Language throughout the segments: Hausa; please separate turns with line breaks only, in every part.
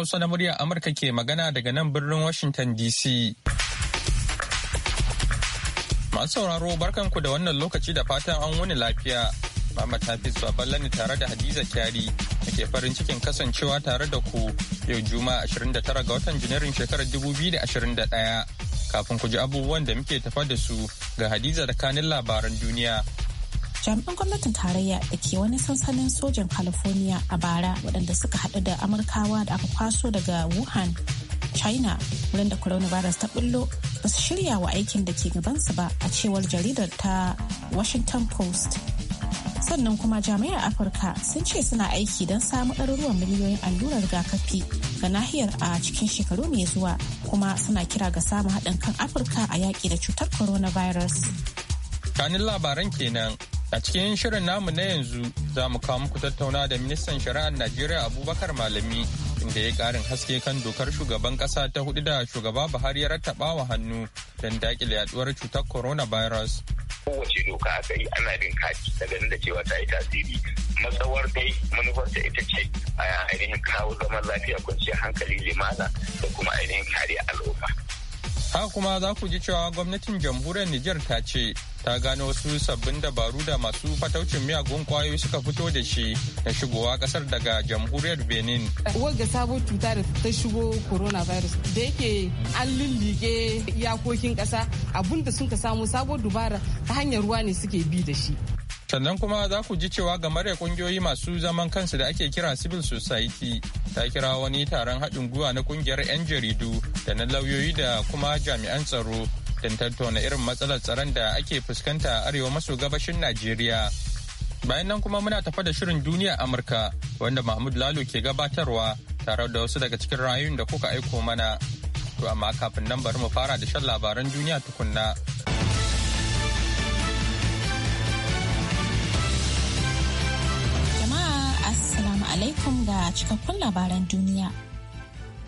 Hausa na murya Amurka ke magana daga nan birnin Washington DC. Masu sauraro barkanku da wannan lokaci da fatan an wani lafiya. Muhammad Hafiz Baballe ne tare da Hadiza Kyari da ke farin cikin kasancewa tare da ku yau juma 29 ga watan Janairun shekarar 2021. Kafin ku ji abubuwan da muke tafa da su ga Hadiza da kanin labaran duniya.
jami'an gwamnatin tarayya da ke wani sansanin sojan california a bara waɗanda suka haɗu da amurkawa da aka kwaso daga wuhan china wurin da coronavirus ta bullo ba su shirya wa aikin da ke gabansu ba a cewar jaridar ta washington post sannan kuma jami'ar afirka sun ce suna aiki don samu ɗaruruwan miliyoyin allurar rigakafi ga nahiyar a cikin shekaru mai zuwa kuma suna kira ga samun haɗin kan afirka a yaƙi da cutar coronavirus
kanin labaran kenan A cikin shirin namu na yanzu za mu kawo muku tattauna da ministan shari'ar Najeriya Abubakar Malami inda ya karin haske kan dokar shugaban kasa ta hudu da shugaba Buhari ya rattaba wa hannu don dakile yaduwar cutar corona coronavirus. Kowace doka aka yi
ana bin kati ganin da cewa ta yi tasiri. Matsawar dai manufar ta ita ce a ainihin kawo zaman lafiya kwanciyar hankali limana da kuma ainihin kariya al'umma.
Haka kuma za ku ji cewa gwamnatin jamhuriyar Nijar ta ce ta gano wasu sabbin dabaru da masu fataucin miyagun kwayoyi suka fito da shi na shigowa kasar daga jamhuriyar Benin.
Wadda sabo cuta da ta shigo coronavirus da yake an lullige iyakokin kasa abinda sun ka samu sabuwar dubara ta hanyar ruwa ne suke bi da shi.
sannan kuma za ku ji cewa da kungiyoyi masu zaman kansu da ake kira civil society ta kira wani taron haɗin gwiwa na kungiyar 'yan jaridu da na lauyoyi da kuma jami'an tsaro don tattauna irin matsalar tsaron da ake fuskanta a arewa maso gabashin najeriya bayan nan kuma muna tafa da shirin duniya amurka wanda mahmud lalo ke gabatarwa tare da wasu daga cikin rayun da kuka aiko mana to amma kafin nan bari mu fara da shan labaran duniya tukunna
alaikum ga cikakkun labaran duniya.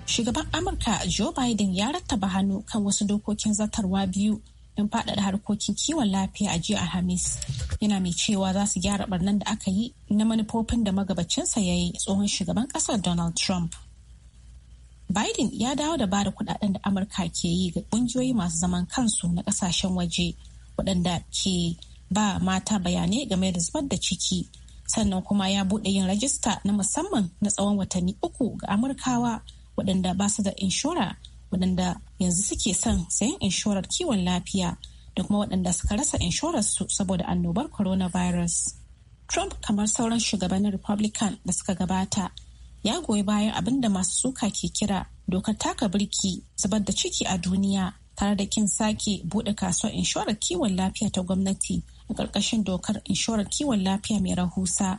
Shugaban Amurka Joe Biden ya rattaba hannu kan wasu dokokin zartarwa biyu don faɗaɗa harkokin kiwon lafiya a jiya Alhamis. Yana mai cewa za su gyara barnan da aka yi na manufofin da magabacinsa ya yi tsohon shugaban ƙasar Donald Trump. Biden ya dawo da bada kudaden da Amurka ke yi ga ƙungiyoyi masu zaman kansu na kasashen waje waɗanda ke ba mata bayanai game da zubar da ciki sannan kuma ya bude yin rajista na musamman na tsawon watanni uku ga amurkawa waɗanda ba su da inshora waɗanda yanzu suke son sayan inshorar kiwon lafiya da kuma waɗanda suka rasa inshorar su saboda annobar coronavirus. Trump kamar sauran shugabannin Republican da suka gabata ya goyi bayan abin da masu suka ke kira dokar taka birki zubar da ciki a duniya tare da kin sake buɗe kasuwar inshorar kiwon lafiya ta gwamnati a ƙarƙashin dokar inshorar kiwon lafiya mai rahusa.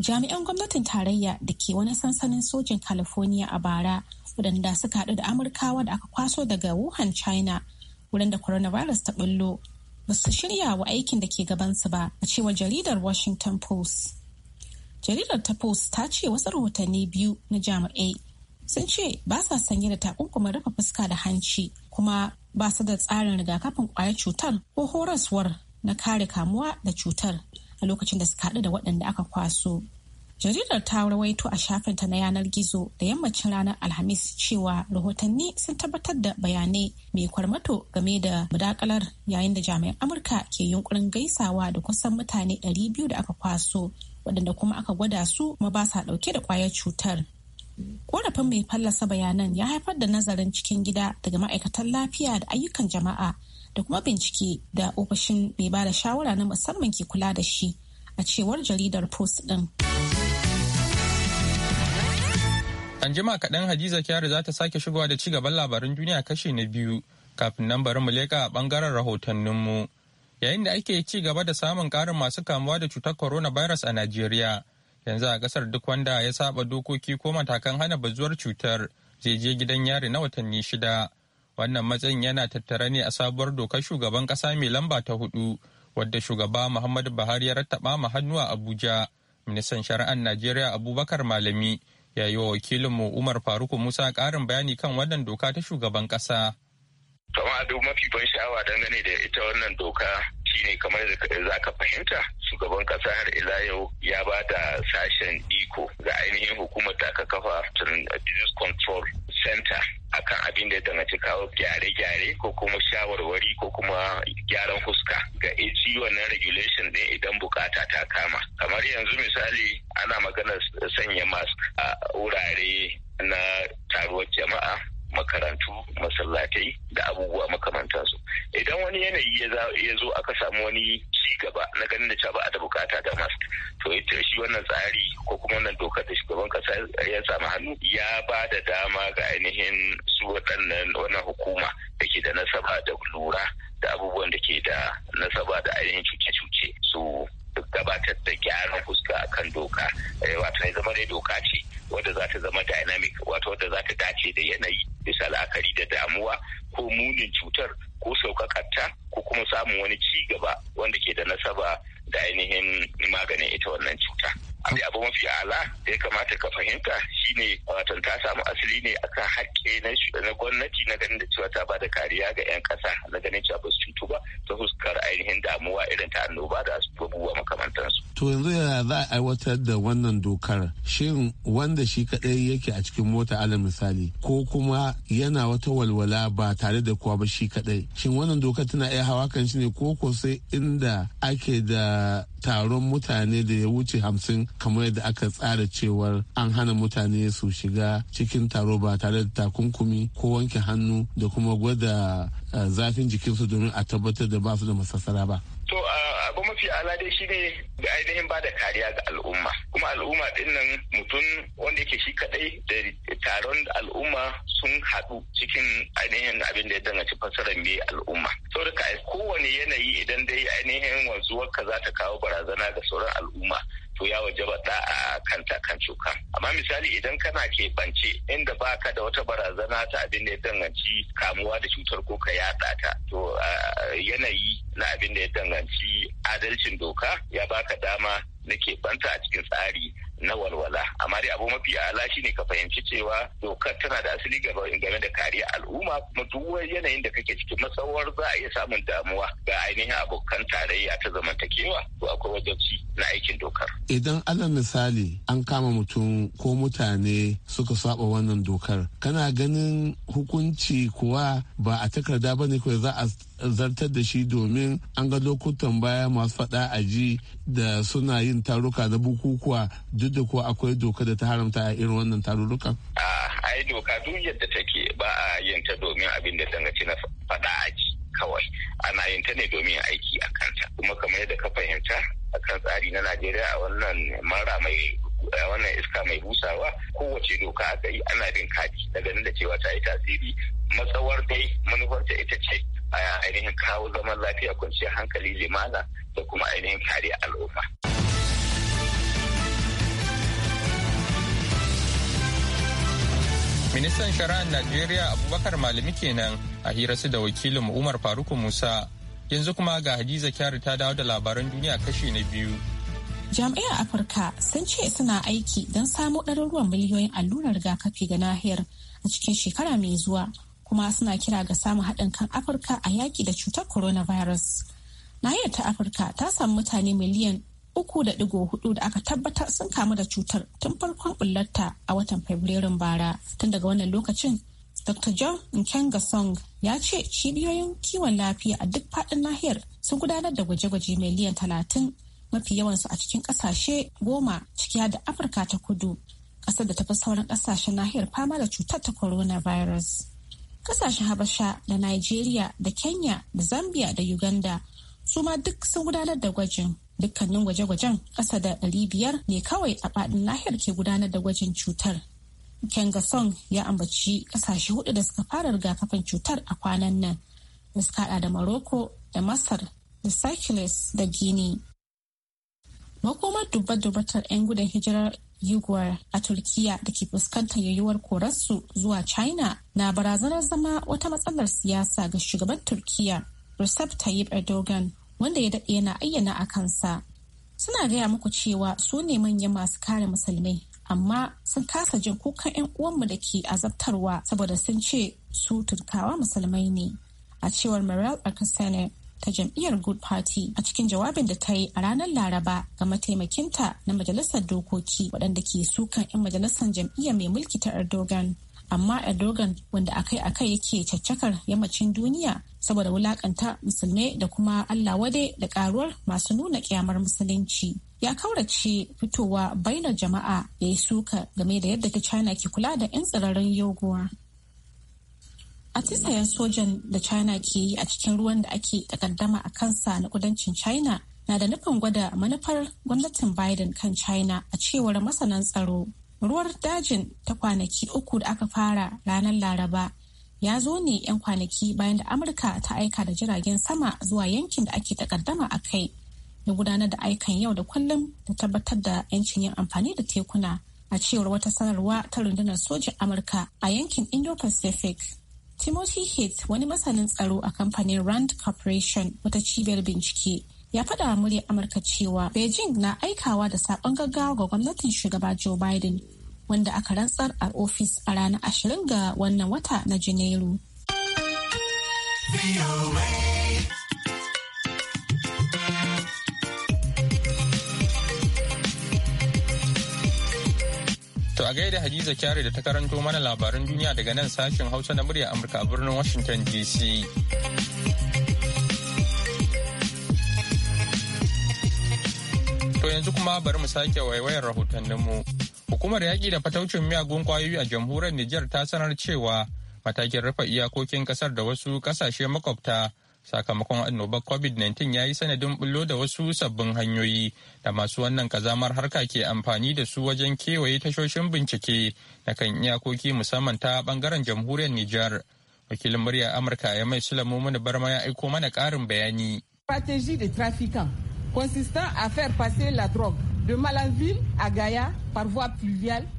Jami'an gwamnatin tarayya da ke wani sansanin sojin California a bara waɗanda suka haɗu da Amurkawa da aka kwaso daga Wuhan, China, wurin da coronavirus ta ɓullo, ba su shirya wa aikin da ke gabansu ba a cewa jaridar Washington Post. Jaridar ta Post ta ce wasu rahotanni biyu na jami'ai sun ce ba sa sanye da takunkumin rufe fuska da hanci kuma ba su da tsarin rigakafin kwaya cutar ko horaswar na kare kamuwa da cutar a lokacin da suka haɗu da waɗanda aka kwaso. Jaridar ta rawaito a shafinta na yanar gizo da yammacin ranar Alhamis cewa rahotanni sun tabbatar da bayanai mai kwarmato game da budakalar yayin da jami'an Amurka ke yunkurin gaisawa da kusan mutane 200 da aka kwaso waɗanda kuma aka gwada su ma ba sa ɗauke da kwayar cutar. Korafin mai fallasa bayanan ya haifar da nazarin cikin gida daga ma'aikatan lafiya da ayyukan jama'a da kuma bincike da ofishin mai bada shawara na musamman ke kula da shi a cewar jaridar Post din.
An jima kaɗan Hadiza Kyari za ta sake shigowa da cigaban labarin duniya kashi na biyu kafin nan bari mu leƙa a ɓangaren rahotanninmu. Yayin da ake ci gaba da samun ƙarin masu kamuwa da cutar coronavirus a Najeriya, yanzu a kasar duk wanda ya saba dokoki ko matakan hana bazuwar cutar zai je gidan yari na watanni shida wannan matsayin yana tattare ne a sabuwar dokar shugaban kasa mai lamba ta hudu wadda shugaba muhammadu buhari ya rattaba ma hannu a abuja ministan shari'ar najeriya abubakar malami ya yi wa wakilinmu umar faruku musa karin bayani kan wannan doka ta shugaban
kasa kama duk mafi ban sha'awa dangane da ita wannan doka shine kamar za ka fahimta shugaban kasa har ila yau ya ba da sashen iko ga ainihin hukumar da aka kafa disease control center akan abin da ya danganci kawo gyare-gyare ko kuma shawarwari ko kuma gyaran fuska. ga AG wannan regulation din idan bukata ta kama kamar yanzu misali ana maganar sanya mask a wurare na taruwar jama'a makarantu masallatai da abubuwa makamantansu idan wani yanayi ya zo aka samu wani ci gaba na ganin da ba a da bukata da mas to ita shi wannan tsari ko kuma wannan dokar da shugaban kasa ya samu hannu ya ba da dama ga ainihin su waɗannan wannan hukuma da ke da nasaba da lura da abubuwan da ke da nasaba da ainihin cuce-cuce su duk gabatar da gyaran fuska kan doka eh, wato ya zama dai doka ce wadda za ta zama dynamic wato wadda za ta dace da yanayi bisa la'akari da damuwa ko munin cutar ko saukakarta ko kuma samun wani ci gaba wanda ke da nasaba da ainihin maganin ita wannan cuta. abu abu mafi ala da ya kamata ka fahimta shine watan ta samu asali ne akan hakke na gwamnati na ganin da cewa ta ba da kariya ga 'yan kasa na ganin cewa ba su cutu ba ta fuskar ainihin damuwa irin ta annoba da abubuwa
makamantansu. To yanzu yana za a aiwatar da wannan dokar shin wanda shi kaɗai yake a cikin mota ala misali ko kuma yana wata walwala ba tare da kowa ba shi kaɗai shin wannan dokar tana iya hawa kan shi ne ko ko sai inda ake da taron mutane da ya wuce hamsin kamar yadda aka tsara cewar an hana mutane su shiga cikin taro ba tare da takunkumi ko wanke hannu da kuma gwada eh, zafin jikinsu domin a tabbatar da ba su da masassara ba.
abu mafi alade dai shi ne ga ainihin ba da kariya ga al'umma kuma al'umma din nan mutum wanda yake shi kadai da taron al'umma sun haɗu cikin ainihin abin da ya danganci fasarar mai al'umma saboda kowane yanayi idan dai ainihin wanzuwar ka za ta kawo barazana ga sauran al'umma to ya wajaba a kanta kan cuka amma misali idan kana keɓance inda baka da wata barazana ta abin da ya danganci kamuwa da cutar ko ka yaɗa ta to yanayi na abin da ya danganci adalcin doka ya baka dama na keɓanta a cikin tsari na walwala amma dai abu mafi ala shine ka fahimci cewa dokar tana da asali game da kariya al'umma kuma duk yanayin da kake cikin matsawar za a iya samun damuwa ga ainihin abokan tarayya ta zamantakewa to akwai wajenci na aikin dokar
idan alal misali an kama mutum ko mutane suka saba wannan dokar kana ganin hukunci kuwa ba a takarda ba ne kawai za a zartar da shi domin an ga lokutan baya masu faɗa aji da suna yin taruka na bukukuwa duk da ko akwai doka da ta haramta a irin wannan a
yi doka duk yadda take ba a yin ta domin abin da dangaci na faɗa a ji kawai ana yin ta ne domin aiki a kanta kuma kamar yadda ka fahimta a kan tsari na najeriya a wannan mara mai wannan iska mai busawa kowace doka aka yi ana bin kaji daga nan da cewa ta yi tasiri matsawar dai manufarta ita ce a ainihin kawo zaman lafiya kwanciyar hankali limana da kuma ainihin kariya al'umma.
Ministan shari'ar Najeriya Abubakar Malami kenan a hirarsu da wakilin Umar Faruku Musa. Yanzu kuma ga Hadiza Kyari ta dawo da labaran duniya kashi na biyu.
Jami'ar Afirka sun ce suna aiki don samo ɗaruruwan miliyoyin allurar rigakafi ga nahiyar a cikin shekara mai zuwa kuma suna kira ga samun haɗin kan Afirka a yaƙi da cutar coronavirus. Nahiyar ta Afirka ta samu mutane miliyan uku da digo hudu da aka tabbatar sun kamu da cutar tun farkon bullarta a watan fabrairun bara tun daga wannan lokacin dr john nkenga song ya ce cibiyoyin kiwon lafiya a duk faɗin nahiyar sun gudanar da gwaje-gwaje miliyan talatin mafi yawansu a cikin ƙasashe goma ciki da afirka ta kudu ƙasar da ta fi sauran ƙasashen nahiyar fama da cutar ta coronavirus ƙasashen habasha da nigeria da kenya da zambia da uganda su ma duk sun gudanar da gwajin Dukkanin gwaje-gwajen ƙasa da ɗari biyar ne kawai a faɗin nahiyar ke gudanar da gwajin cutar. Song ya ambaci ƙasashe hudu da suka fara rigakafin cutar a kwanan nan da suka haɗa da Morocco da Masar da Cycles da Guinea. Makomar dubbar-dubbatar 'yan gudun hijirar Yuguwar a Turkiya da ke fuskantar yayuwar korarsu zuwa China na barazanar zama wata matsalar siyasa ga shugaban Turkiya Recep Tayyip Erdogan wanda ya daɗe yana ayyana a kansa suna gaya muku cewa su ne manyan masu kare musulmai amma sun kasa jin kukan 'yan uwanmu da ke azabtarwa saboda sun ce su turkawa musulmai ne a cewar Mariel Akasane ta jam'iyyar Good Party a cikin jawabin da ta yi a ranar Laraba ga mataimakinta na majalisar dokoki waɗanda ke sukan 'yan majalisar jam'iyyar mai mulki ta Erdogan. amma erdogan wanda akai-akai yake caccakar yammacin duniya saboda wulakanta musulmai da kuma allah wade da karuwar masu nuna kyamar musulunci ya kaurace fitowa baina jama'a da ya suka game da yadda ta china ke kula da 'yan tsirarin yoguwa atisayen sojan da china ke yi a cikin ruwan da ake takaddama a kansa na kudancin china na da nufin gwada manufar gwamnatin biden kan china a cewar masanan tsaro ruwar dajin ta kwanaki uku da aka fara ranar laraba ya zo ne 'yan kwanaki bayan da amurka ta aika da jiragen sama zuwa yankin da ake takaddama a kai da gudanar da aikan yau da kullum da tabbatar da 'yancin yin amfani da tekuna a cewar wata sanarwa ta rundunar sojin amurka a yankin indo-pacific timothy Heath wani masanin tsaro a kamfanin rand corporation wata cibiyar bincike ya faɗa wa muryar amurka cewa beijing na aikawa da saƙon gaggawa ga gwamnatin shugaba joe biden wanda aka rantsar a ofis a ranar ashirin ga wannan wata na Janairu.
To a gaida Hadiza Kyari da ta karanto mana labaran duniya daga nan sashen Hausa na murya Amurka a birnin Washington DC. To yanzu kuma bari mu sake waiwayar rahotanninmu. Hukumar yaƙi da fataucin miyagun kwayoyi a jamhuriyar Nijar ta sanar cewa matakin rufe iyakokin ƙasar da wasu ƙasashe makwabta sakamakon annobar COVID-19 ya yi sanadin bullo da wasu sabbin hanyoyi da masu wannan kazamar harka ke amfani da su wajen kewaye tashoshin bincike na kan iyakoki musamman ta bangaren jamhuriyar Nijar. Wakilin murya Amurka ya mai Sulamu mana Barma ya aiko mana ƙarin bayani.
Stratégie de trafiquants consistant à faire passer la drogue de Malanville à Gaya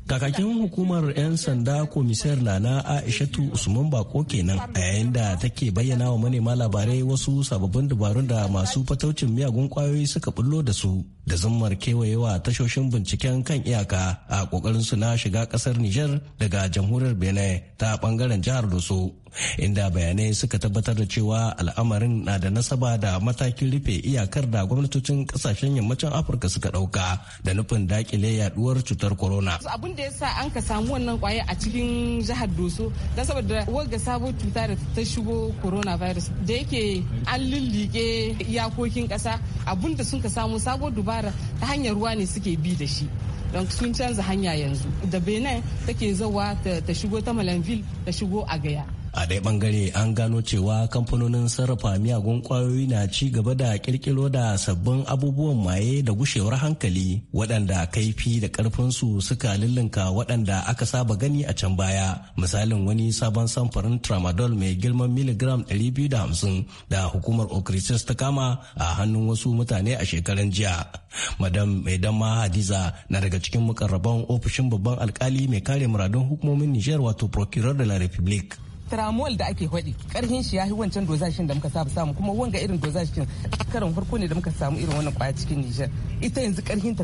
Kakakin hukumar 'yan sanda komisar na Aishatu Usman Bako kenan a yayin da take bayyana wa manema labarai wasu sababbin dabarun da masu fataucin miyagun kwayoyi suka bullo da su da zammar kewayewa tashoshin binciken kan iyaka a kokarin su na shiga kasar Nijar daga jamhuriyar Benin ta bangaren jihar Doso. Inda bayanai suka tabbatar da cewa al'amarin na da nasaba da matakin rufe iyakar da gwamnatocin kasashen yammacin Afirka suka ɗauka da nufin dakile yaduwar cutar corona. Abin
da ya sa an ka samu wannan kwaye a cikin jihar Doso don saboda wagga sabo cuta da ta shigo virus da yake an lullike iyakokin kasa abin da sun ka samu sabo dubara ta hanyar ruwa ne suke bi da shi. don sun canza hanya yanzu da benin take zawa ta shigo ta malanville ta shigo a gaya
a ɗaya bangare an gano cewa kamfanonin sarrafa miyagun kwayoyi na ci gaba da ƙirƙiro da sabbin abubuwan maye da gushewar hankali waɗanda kaifi da ƙarfinsu suka lullunka waɗanda aka saba gani a can baya misalin wani sabon samfarin tramadol mai girman miligram 250 da hukumar okrisis ta kama a hannun wasu mutane a shekaran jiya madam mai damma hadiza na daga cikin mukarraban ofishin babban alkali mai kare muradun hukumomin nijar wato procurer de la republique
tramol da ake hwaɗe karhin shi ya yi wancan dozashin da muka saba samu kuma wanga irin dozashin karin farko ne da muka samu irin wannan kwaya cikin Nijar ita yanzu ƙarhin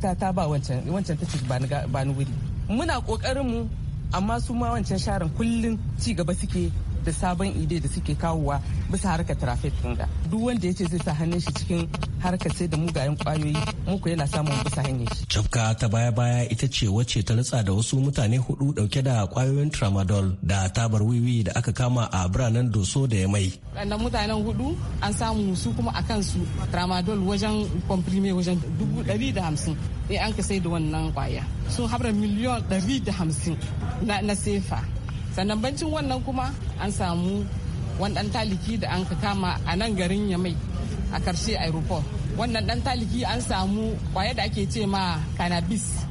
ta ta ba wancan wancan ta ce ba ni wuri muna kokarin mu amma su ma wancan sharan kullum ci gaba suke da sabon ide da suke kawowa bisa harkar traffic ga duk wanda ya ce zai sa hannun shi cikin harkar sai da mugayen kwayoyi muku yana samun bisa hanyar shi.
Cafka ta baya-baya ita ce wacce ta ritsa da wasu mutane hudu dauke da kwayoyin tramadol da tabar wiwi da aka kama a biranen doso da ya mai.
Wannan mutanen hudu an samu su kuma a kansu tramadol wajen komprime wajen dubu dari da hamsin ne an ka sai da wannan kwaya. Sun habra miliyon dari da hamsin na sefa. sannan bancin wannan kuma an samu wani dan taliki da an ka kama a nan garin yamai a karshe aeroport wannan dan taliki an samu kwaya da ake ce ma cannabis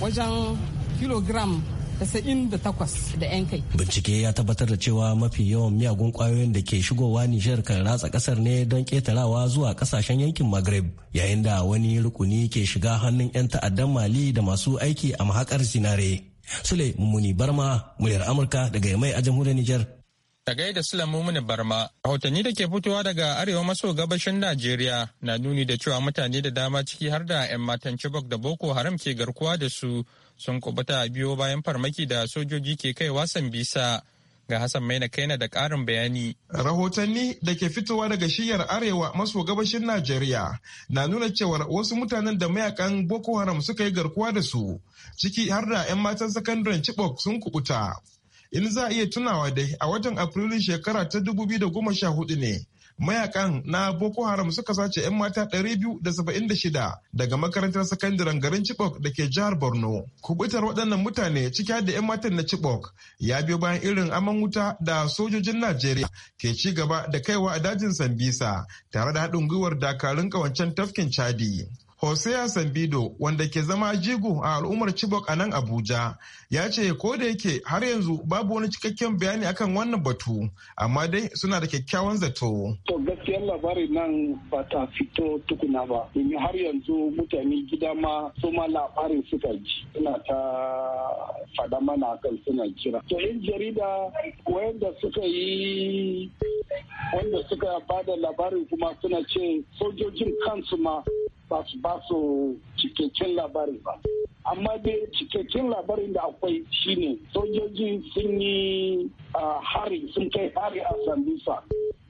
wajen kilogram 98 da 'yan kai.
Bincike ya tabbatar da cewa mafi yawan miyagun kwayoyin da ke shigowa Nijar kan ratsa kasar ne don ketarawa zuwa kasashen yankin Maghreb yayin da wani rukuni ke shiga hannun 'yan ta'addan Mali da masu aiki a mahakar zinare. Sule Mumuni Barma, muryar Amurka daga Yamai a jamhuriyar Nijar. Ta
gaida Sule Mumuni Barma, rahotanni da ke fitowa daga arewa maso gabashin Najeriya na nuni da cewa mutane da dama ciki har da 'yan matan Chibok da Boko Haram ke garkuwa da su sun kubuta biyo bayan farmaki da sojoji ke kaiwa Sambisa. bisa. Ga Hassan Maina Kaina da
ƙarin bayani. Rahotanni da ke fitowa daga shiyar arewa maso gabashin Najeriya na nuna cewa wasu mutanen da mayakan Boko Haram suka yi garkuwa da su, ciki har da 'yan matan sakandaren Chibok sun kubuta. In za a iya tunawa dai a watan Afrilu shekara ta 2014 ne mayakan na Boko Haram suka sace 'yan mata 276 daga makarantar sakandaren garin Chibok da ke jihar Borno. Kubutar waɗannan mutane ciki da 'yan matan na Chibok ya biyo bayan irin aman wuta da sojojin Najeriya ke ci gaba da kaiwa a dajin Sambisa tare da haɗin gwiwar dakarun ƙawancen tafkin Chadi. Hosea Sambido wanda ke zama jigo a al'ummar Chibok a nan Abuja ya ce ko da yake har yanzu babu wani cikakken bayani akan wannan batu amma dai suna da kyakkyawan zato.
To gaskiyar labarin nan ba ta fito tukuna ba domin har yanzu mutane gida ma su ma labarin suka ji suna ta fada mana akan suna kira. To in jarida wanda suka yi wanda suka ba da labarin kuma suna ce sojojin kansu ma ba su ba cikakken labari ba amma dai cikakken labarin da akwai shine sojoji sun yi hari sun kai hari a sambisa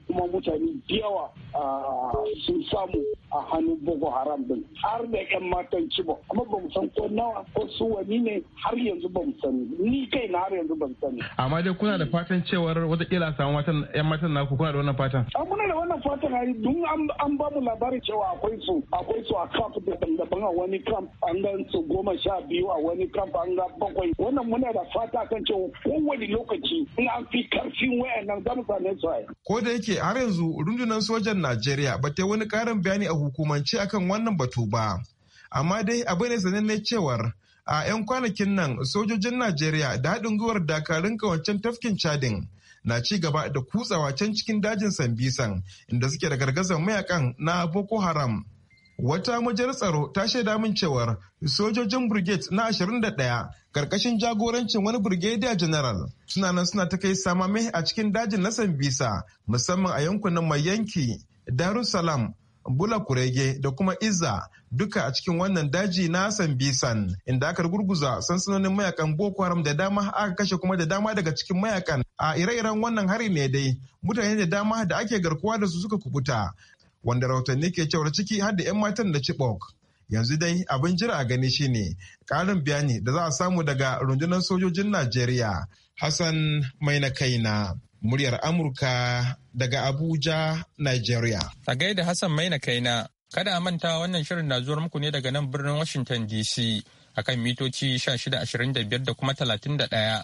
kuma mutane biyawa yawa sun samu a hannun boko haram din har da yan matan cibo Amma ba mu san ko nawa ko su wani ne har yanzu ba mu sani ni kai na har yanzu ba mu sani
amma dai kuna da hmm. fatan cewar kila samu matan yan matan naku kuna da wannan fatan
muna da wannan fatan ai dun an ba mu labarin cewa akwai su akwai su a camp daban-daban a wani camp an ga su goma sha biyu a wani camp an ga bakwai wannan muna da fata kan cewa kowane lokaci in an fi karfin wayannan zamu mu same su ai
ko da yake har yanzu rundunar sojan Najeriya ba ta wani karin bayani a hukumance akan wannan batu ba amma dai abu ne sananne cewar a 'yan kwanakin nan sojojin najeriya da haɗin gwiwar dakarun kawancin tafkin cadin na ci gaba da kutsawa can cikin dajin sambisan inda suke da gargazan mayakan na boko haram wata majar tsaro ta shaida min cewar sojojin brigade na 21 karkashin jagorancin wani brigadier general suna nan suna ta kai samame a cikin dajin na sambisa musamman a yankunan mai yanki darussalam bula kurege da kuma izza duka a cikin wannan daji na bisan. inda aka gurguza sansanonin mayakan boko haram da dama aka kashe kuma da dama daga cikin mayakan a ire-iren wannan hari ne dai mutane da dama da ake garkuwa da su suka kubuta wanda rahotanni ke cewar ciki har da 'yan matan da chibok yanzu dai abin jira a gani shine karin bayani da za a samu daga rundunar sojojin najeriya hassan mai na kaina muryar Amurka daga Abuja, Nigeria.
A gaida Hassan Maina kaina, kada a manta wannan shirin na zuwar muku ne daga nan birnin Washington DC a kan mitoci 1625 da kuma 31.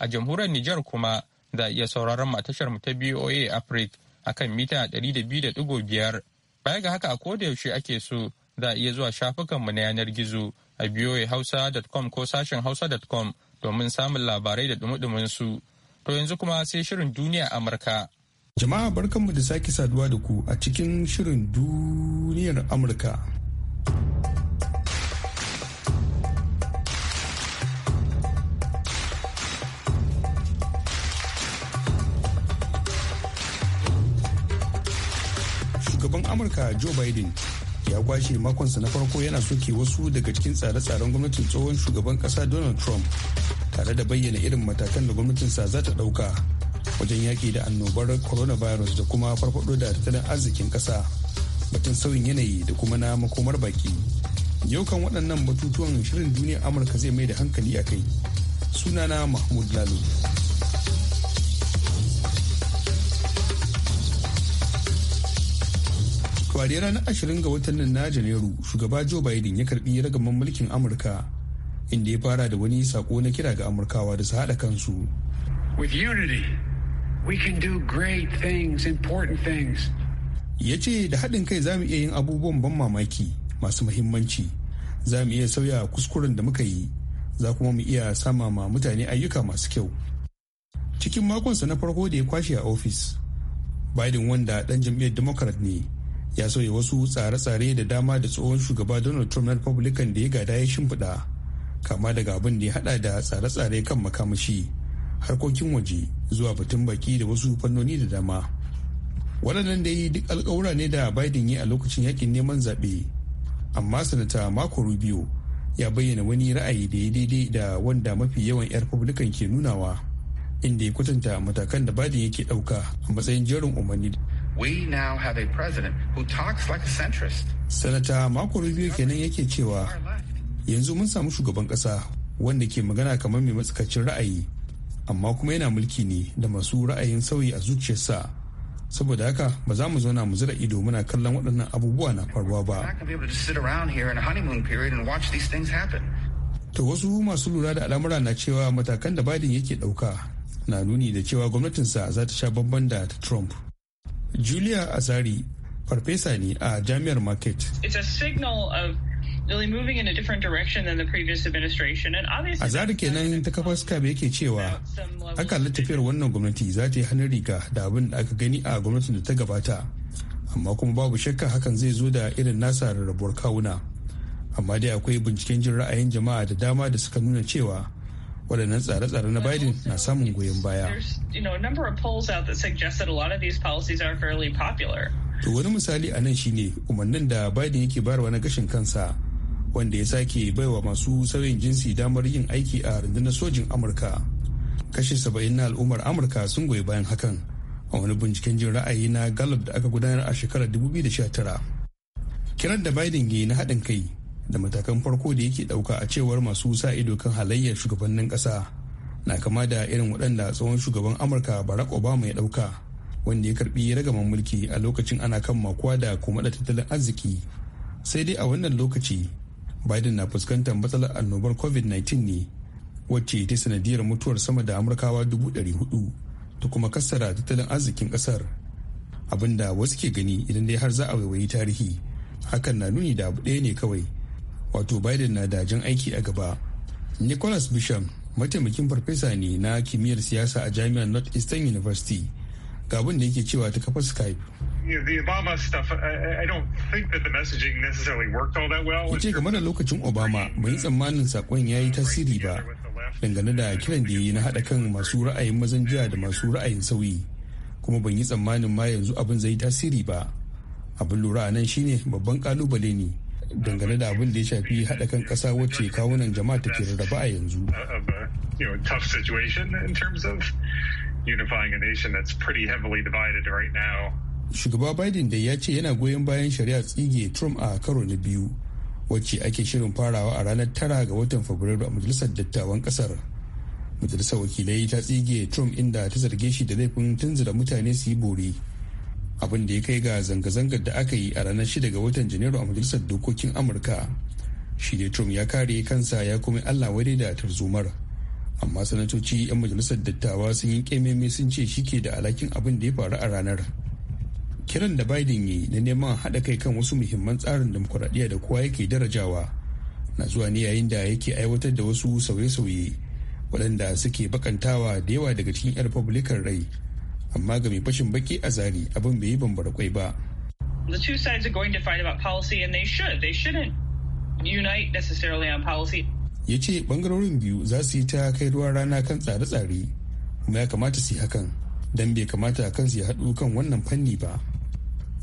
A jamhuriyar Nijar kuma za iya sauraron mu a tashar mu ta BOA Africa kan mita 200.5. Baya ga haka a koda yaushe ake so za a iya zuwa shafukanmu na yanar gizo a boahausa.com ko sashen hausa.com domin samun labarai da dumudumin su. To yanzu kuma sai shirin duniya
Amurka. Jama'a barkanmu da sake saduwa da ku a cikin shirin duniyar Amurka. Shugaban Amurka Joe Biden ya kwashe makonsa na farko yana soke wasu daga cikin tsare-tsaren gwamnatin tsohon shugaban kasa Donald Trump. tare da bayyana irin matakan da sa za ta ɗauka wajen yaƙi da annobar coronavirus da kuma farfaɗo da tattalin arzikin ƙasa batun sauyin yanayi da kuma na makomar baki yau kan waɗannan batutuwan shirin duniya amurka zai mai da hankali a kai sunana mahmud lalo kwariyar ranar ashirin ga watan nan na janairu shugaba joe biden ya karbi ragaman mulkin amurka inda ya fara da wani sako na kira ga amurkawa da su haɗa kansu ya ce da haɗin kai za mu iya yin abubuwan ban mamaki masu muhimmanci za mu iya sauya kuskuren da muka yi za kuma mu iya sama ma mutane ayyuka masu kyau cikin makonsa na farko da ya kwashe a ofis biden wanda ɗan jam'iyyar democrat ne ya sauya wasu tsare-tsare da dama da tsohon shugaba donald trump na republican da ya gada ya shimfiɗa kama daga abin da ya hada da tsare-tsare kan makamashi harkokin waje zuwa batun baki da wasu fannoni da dama wadannan waɗannan yi duk alkawura ne da biden yi a lokacin yakin neman zaɓe amma sanata mako rubio ya bayyana wani ra'ayi da ya daidai da wanda mafi yawan 'yar republican ke nunawa inda ya kwatanta matakan da biden yake ɗauka a matsayin jerin umarni We now have Sanata mako Rubio kenan yake cewa yanzu mun samu shugaban kasa wanda ke magana kamar mai matsakaicin ra'ayi amma kuma yana mulki ne da masu ra'ayin sauyi a zuciyarsa saboda haka ba za mu zauna mu zira ido muna kallon waɗannan abubuwa na faruwa ba to wasu masu lura da al'amura na cewa matakan da biden yake ɗauka na nuni da cewa gwamnatinsa za ta sha bamban da ta trump julia azari farfesa ne a jami'ar market It's signal A zara kenan ta kafa Skype yake cewa akalar tafiyar wannan gwamnati za ta yi hannun riga da abin da aka gani a gwamnatin da ta gabata. Amma kuma babu shakka hakan zai zo da irin nasa rarrabuwar kawuna. Amma dai akwai binciken jin ra'ayin jama'a da dama da suka nuna cewa waɗannan tsare-tsare na Biden na samun goyon baya. To wani misali a nan shine umarnin da Biden yake bayarwa na gashin kansa wanda ya sake baiwa masu sauyin jinsi damar yin aiki a rundunar sojin amurka kashi saba'in na al'ummar amurka sun goyi bayan hakan a wani binciken jin ra'ayi na gallup da aka gudanar a shekarar 2019 kiran da biden yi na haɗin kai da matakan farko da yake ɗauka a cewar masu sa ido kan halayyar shugabannin ƙasa na kama da irin waɗanda tsohon shugaban amurka barack obama ya ɗauka wanda ya karbi ragaman mulki a lokacin ana kan makuwa da kuma da tattalin arziki sai dai a wannan lokaci biden na fuskantar matsalar annobar covid-19 ne wacce ta sanadiyar mutuwar sama da amurkawa 400 ta kuma kassara tattalin arzikin kasar abinda wasu ke gani idan dai har za a waiwayi tarihi hakan na nuni da abu ɗaya ne kawai wato biden na da jan aiki a gaba nicholas bisham mataimakin farfesa ne na kimiyyar siyasa a jami'ar northeastern university ga abin da yake cewa ta kafa skype you ce think game da lokacin Obama, mai tsammanin sakon ya yi tasiri ba dangane da kiran da ya yi na haɗa kan masu ra'ayin mazan jiya da masu ra'ayin sauyi. Kuma ban yi tsammanin ma yanzu abin zai tasiri ba. Abin lura a nan shine babban kalubale ne dangane da abin da ya shafi haɗa kan ƙasa wacce kawunan jama'a take rarraba a yanzu. Unifying a nation that's pretty heavily divided right now. shugaba biden da ya ce yana goyon bayan shari'a tsige trump a karo na biyu wacce ake shirin farawa a ranar tara ga watan fabrairu a majalisar dattawan kasar majalisar wakilai ta tsige trump inda ta zarge shi da laifin tunzura mutane su yi bore abin da ya kai ga zanga-zangar da aka yi a ranar shida ga watan janairu a majalisar dokokin amurka shi dai trump ya kare kansa ya kuma allah wadai da tarzomar amma sanatoci 'yan majalisar dattawa sun yi kememe sun ce shi ke da alakin abin da ya faru a ranar kiran da biden yi na neman haɗa kai kan wasu muhimman tsarin demokuraɗiyya da kowa yake darajawa na zuwa ne yayin da yake aiwatar da wasu sauye-sauye waɗanda suke bakantawa da yawa daga cikin 'yan republican rai amma ga mai fashin baki a zari abin bai yi bambara kwai ba the two ya ce bangarorin biyu za su yi ta kai ruwan rana kan tsare-tsare kuma ya kamata su yi hakan don bai kamata kansu ya haɗu kan wannan fanni ba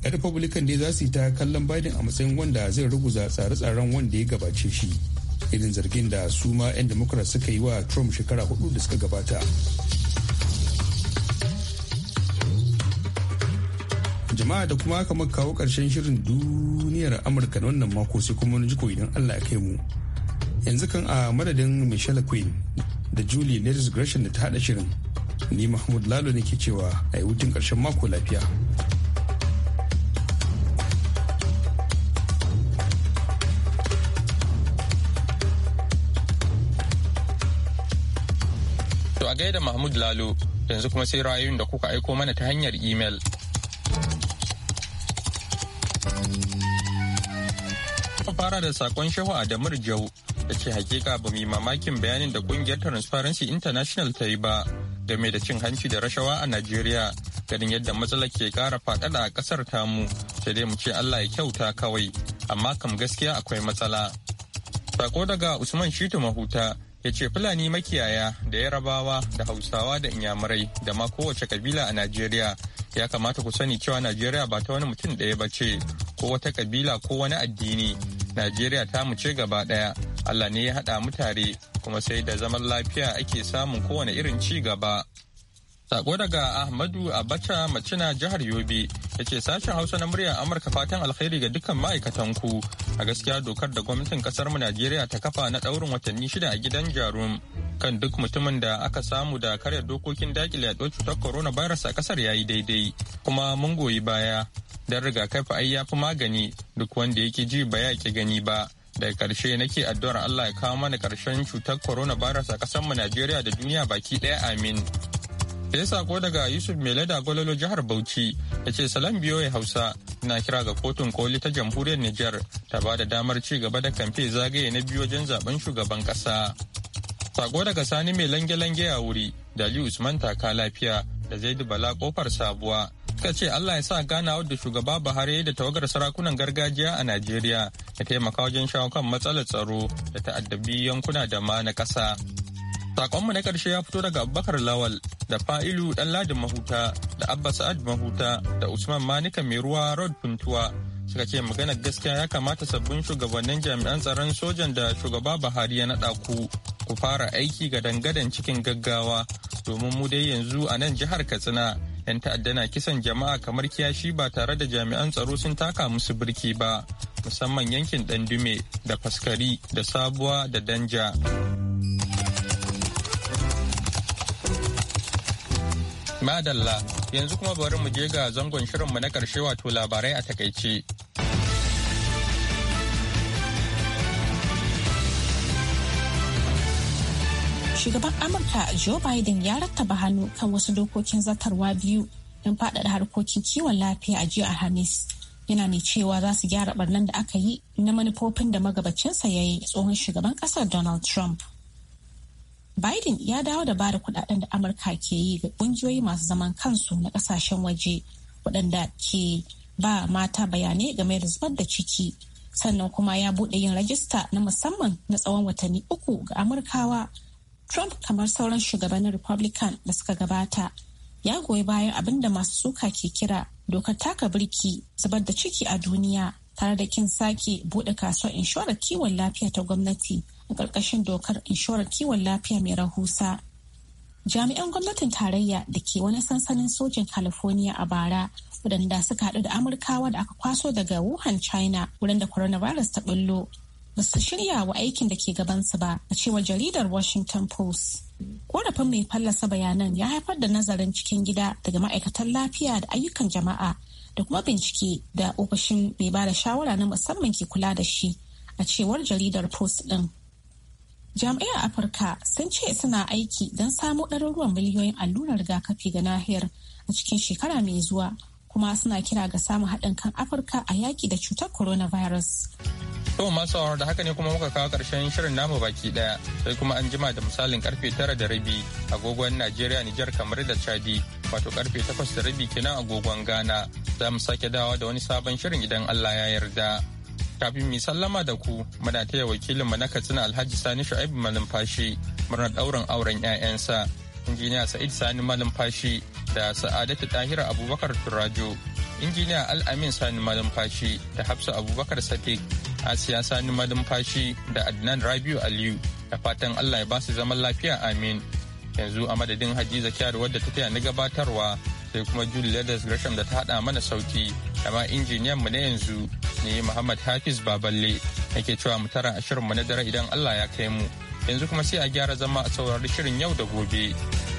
'yan republican ne za su yi ta kallon biden a matsayin wanda zai ruguza tsare-tsaren wanda ya gabace shi irin zargin da su ma 'yan democrat suka yi wa trump shekara hudu da suka gabata jama'a da kuma aka kawo karshen shirin duniyar amurka na wannan mako sai kuma wani jiko idan allah ya kai mu yanzu kan a madadin michelle queen da julie nerys gresham da ta hada shirin ni mahmud lalo ne ke cewa a yi wutin karshen mako lafiya
a gaida Mahmud Lalo yanzu kuma sai ra'ayoyin da kuka aiko mana ta hanyar imel. fara da sakon shehu Adamur Jau da ce hakika ba yi mamakin bayanin da kungiyar Transparency International ta yi ba mai da cin hanci da rashawa a Najeriya ganin yadda matsalar ke kara faɗaɗa a ƙasar tamu sai dai mu ce Allah ya kyauta kawai amma kam gaskiya akwai matsala. Sako daga Usman Shitu Mahuta ya ce Fulani makiyaya da Yarabawa da Hausawa da Inyamurai da ma kowace kabila a Najeriya ya kamata ku sani cewa Najeriya ba ta wani mutum ɗaya ba ce ko wata kabila ko wani addini. Najeriya ta mu ce gaba ɗaya Allah ne ya haɗa mutare kuma sai da zaman lafiya ake samun kowane irin ci gaba. Sako daga Ahmadu Abacha Macina jihar Yobe ya ce sashen Hausa na muryar Amurka fatan alkhairi ga dukkan ma'aikatan ku. A gaskiya dokar da gwamnatin kasar mu Najeriya ta kafa na ɗaurin watanni shida a gidan jarum kan duk mutumin da aka samu da karya dokokin dakile ta cutar coronavirus a kasar yayi daidai kuma mun goyi baya don rigakafi ai yafi magani duk wanda yake ji ba ya gani ba. daga karshe nake addu'ar Allah ya kawo mana karshen cutar coronavirus a ƙasar mu Najeriya da duniya baki ɗaya amin. sai sako daga yusuf meleda gwalolo jihar bauchi da ce salam biyoyi hausa na kira ga kotun koli ta jamhuriyar Nijar ta ba da damar ci gaba da kamfe zagaye na biyu wajen zaben shugaban kasa sako daga sani mai lange-lange a wuri da ali usman taka lafiya da zaidu bala kofar sabuwa suka ce allah ya sa ganawar da shugaba buhari da tawagar sarakunan gargajiya a najeriya ya taimaka wajen shawo kan matsalar tsaro da ta'addabi yankuna da ma na kasa. Sakonmu na ƙarshe ya fito daga Abubakar Lawal da Fa'ilu ɗan Ladin Mahuta da Abba Sa'ad Mahuta da Usman Manika mai ruwa Rod Puntuwa suka ce maganar gaskiya ya kamata sabbin shugabannin jami'an tsaron sojan da shugaba Buhari ya naɗa ku ku fara aiki ga dangadan cikin gaggawa domin mu dai yanzu a nan jihar Katsina 'yan ta'adda na kisan jama'a kamar kiyashi ba tare da jami'an tsaro sun taka musu birki ba musamman yankin Dandume da Faskari da Sabuwa da Danja. Madalla yanzu kuma bari mu je ga zangon shirinmu na karshe wato labarai a takaice.
Shugaban Amurka Joe Biden ya rattaba hannu kan wasu dokokin zartarwa biyu don faɗaɗa harkokin kiwon lafiya a jiya Alhamis. Yana ne cewa za su gyara barnan da aka yi na manufofin da magabacinsa ya yi tsohon shugaban ƙasar Donald Trump. Biden ya dawo da bada kudaden da Amurka ke yi ga kungiyoyi masu zaman kansu na kasashen waje waɗanda ke ba mata bayanai game da zubar da ciki sannan kuma ya buɗe yin rajista na musamman na tsawon watanni uku ga Amurkawa. Trump kamar sauran shugabannin Republican da suka gabata ya goyi bayan abin da masu suka ke kira dokar taka birki zubar da ciki a duniya tare da kin sake buɗe kasuwar inshorar kiwon lafiya ta gwamnati a ƙarƙashin dokar inshorar kiwon lafiya mai rahusa. Jami'an gwamnatin tarayya da ke wani sansanin sojin California a bara waɗanda suka haɗu da Amurkawa da aka kwaso daga Wuhan, China wurin da coronavirus ta ɓullo. Ba su shirya wa aikin da ke gabansu ba a cewar jaridar Washington Post. Korafin mai fallasa bayanan ya haifar da nazarin cikin gida daga ma'aikatan lafiya da ayyukan jama'a da kuma bincike da ofishin mai ba da shawara na musamman ke kula da shi a cewar jaridar Post ɗin. jami'an afirka sun ce suna aiki don samo ɗaruruwan miliyoyin allurar rigakafi ga nahiyar a cikin shekara mai zuwa kuma suna kira ga samun haɗin kan afirka a yaƙi da cutar coronavirus
to masu hawar da haka ne kuma muka kawo ƙarshen shirin namu baki ɗaya sai kuma an jima da misalin karfe tara da rabi agogon najeriya nijar kamar da chadi wato karfe takwas da rabi kenan agogon ghana za mu sake dawa da wani sabon shirin idan allah ya yarda. Kafin mu sallama da ku muna taya wakilinmu na Katsina Alhaji Sani Shu'aibu Malumfashi murna ɗaurin auren 'ya'yansa. Injiniya Sa'id Sani Malumfashi da Sa'adatu Tahira Abubakar Turajo. Injiniya Al-Amin Sani Malumfashi da Hafsa Abubakar Sadiq. Asiya Sani Malumfashi da Adnan Rabiu Aliyu. Da fatan Allah ya ba su zaman lafiya amin. Yanzu a madadin Hadiza Kyar wadda ta taya na gabatarwa sai kuma Julie Leathers Gresham da ta haɗa mana sauki da injiniyan mu na yanzu ne Muhammad Hafiz Baballe ake cewa mu tara a shirin mu na dare idan Allah ya kai mu yanzu kuma sai a gyara zama a saurari shirin yau da gobe.